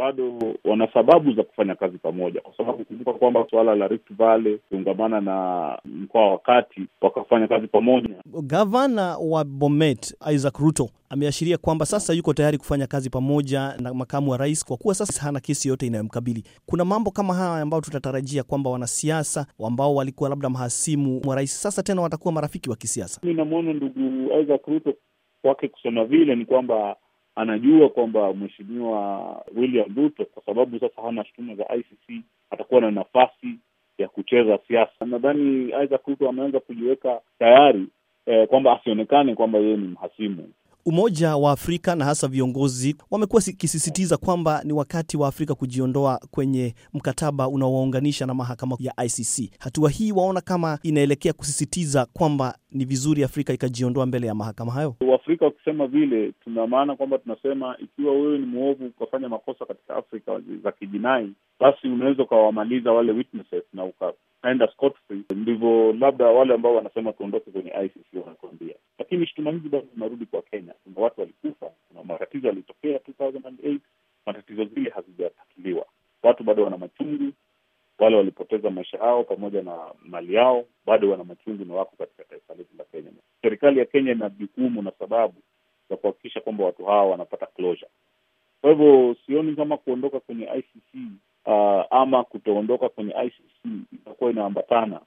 bado wana sababu za kufanya kazi pamoja, kwa sababu kumbuka kwamba suala la Rift Valley kuungamana na mkoa wa kati wakafanya kazi pamoja. Gavana wa Bomet Isaac Ruto ameashiria kwamba sasa yuko tayari kufanya kazi pamoja na makamu wa rais kwa kuwa sasa hana kesi yote inayomkabili. Kuna mambo kama haya ambayo tutatarajia kwamba wanasiasa ambao walikuwa labda mahasimu wa rais sasa tena watakuwa marafiki wa kisiasa. Mi namwona ndugu Isaac Ruto kwake kusema vile ni kwamba anajua kwamba mheshimiwa William Ruto, kwa sababu sasa hana shutuma za ICC, atakuwa na nafasi ya kucheza siasa. Nadhani Isaac Ruto ameanza kujiweka tayari eh, kwamba asionekane kwamba yeye ni mhasimu Umoja wa Afrika na hasa viongozi wamekuwa ikisisitiza kwamba ni wakati wa Afrika kujiondoa kwenye mkataba unaowaunganisha na mahakama ya ICC. Hatua hii waona kama inaelekea kusisitiza kwamba ni vizuri Afrika ikajiondoa mbele ya mahakama hayo. Waafrika wakisema vile, tuna maana kwamba tunasema ikiwa wewe ni mwovu ukafanya makosa katika Afrika za kijinai, basi unaweza ukawamaliza wale witnesses na ukaenda scot free. Ndivyo labda wale ambao wanasema tuondoke kwenye ICC wanakuambia lakini shutuma hizi bado zinarudi kwa Kenya. Kuna watu walikufa, kuna matatizo yalitokea 2008 matatizo zile hazijatatuliwa, watu bado wana machungu, wale walipoteza maisha yao pamoja na mali yao bado wana machungu na wako katika taifa letu la Kenya. Serikali ya Kenya ina jukumu na sababu za kuhakikisha kwamba watu hawa wanapata closure. Kwa hivyo sioni kama kuondoka kwenye ICC uh, ama kutoondoka kwenye ICC itakuwa inaambatana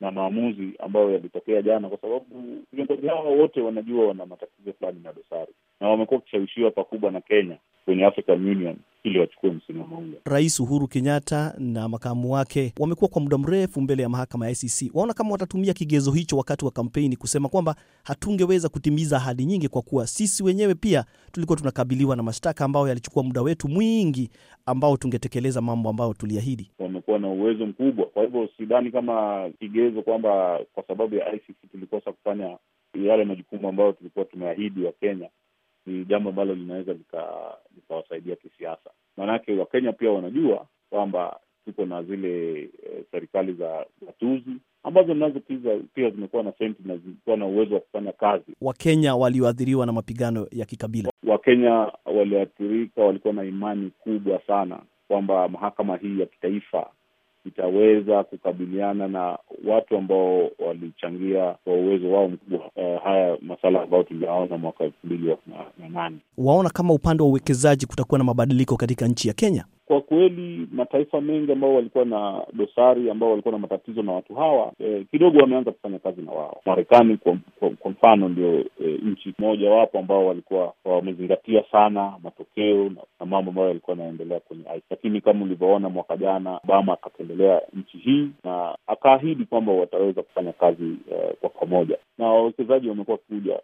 na maamuzi ambayo yalitokea jana, kwa sababu viongozi hao wote wanajua wana matatizo fulani na dosari na wamekuwa wakishawishiwa pakubwa na Kenya kwenye African Union ili wachukue msimamo ule. Rais Uhuru Kenyatta na makamu wake wamekuwa kwa muda mrefu mbele ya mahakama ya ICC. E Waona kama watatumia kigezo hicho wakati wa kampeni kusema kwamba hatungeweza kutimiza ahadi nyingi, kwa kuwa sisi wenyewe pia tulikuwa tunakabiliwa na mashtaka ambayo yalichukua muda wetu mwingi ambao tungetekeleza mambo ambayo tuliahidi. Wamekuwa na uwezo mkubwa, kwa hivyo sidhani kama kigezo kwamba kwa sababu ya ICC tulikosa kufanya yale majukumu ambayo tulikuwa tumeahidi wa Kenya ni jambo ambalo linaweza likawasaidia kisiasa, maanake Wakenya pia wanajua kwamba tuko na zile e, serikali za gatuzi ambazo nazo pia zimekuwa na senti na zimekuwa na uwezo wa kufanya kazi. Wakenya walioathiriwa na mapigano ya kikabila, Wakenya walioathirika walikuwa na imani kubwa sana kwamba mahakama hii ya kitaifa itaweza kukabiliana na watu ambao walichangia kwa uwezo wao mkubwa eh, haya masala ambayo tuliyaona mwaka elfu mbili na nane. Waona kama upande wa uwekezaji kutakuwa na mabadiliko katika nchi ya Kenya? Kwa kweli mataifa mengi ambao walikuwa na dosari, ambao walikuwa na matatizo na watu hawa e, kidogo wameanza kufanya kazi na wao. Marekani kwa, kwa, kwa mfano ndio e, nchi moja wapo ambao walikuwa wamezingatia sana matokeo na, na mambo ambayo yalikuwa yanaendelea kwenye ICE. Lakini kama ulivyoona mwaka jana, Obama akatembelea nchi hii na akaahidi kwamba wataweza kufanya kazi e, kwa pamoja, na wawekezaji wamekuwa wakikuja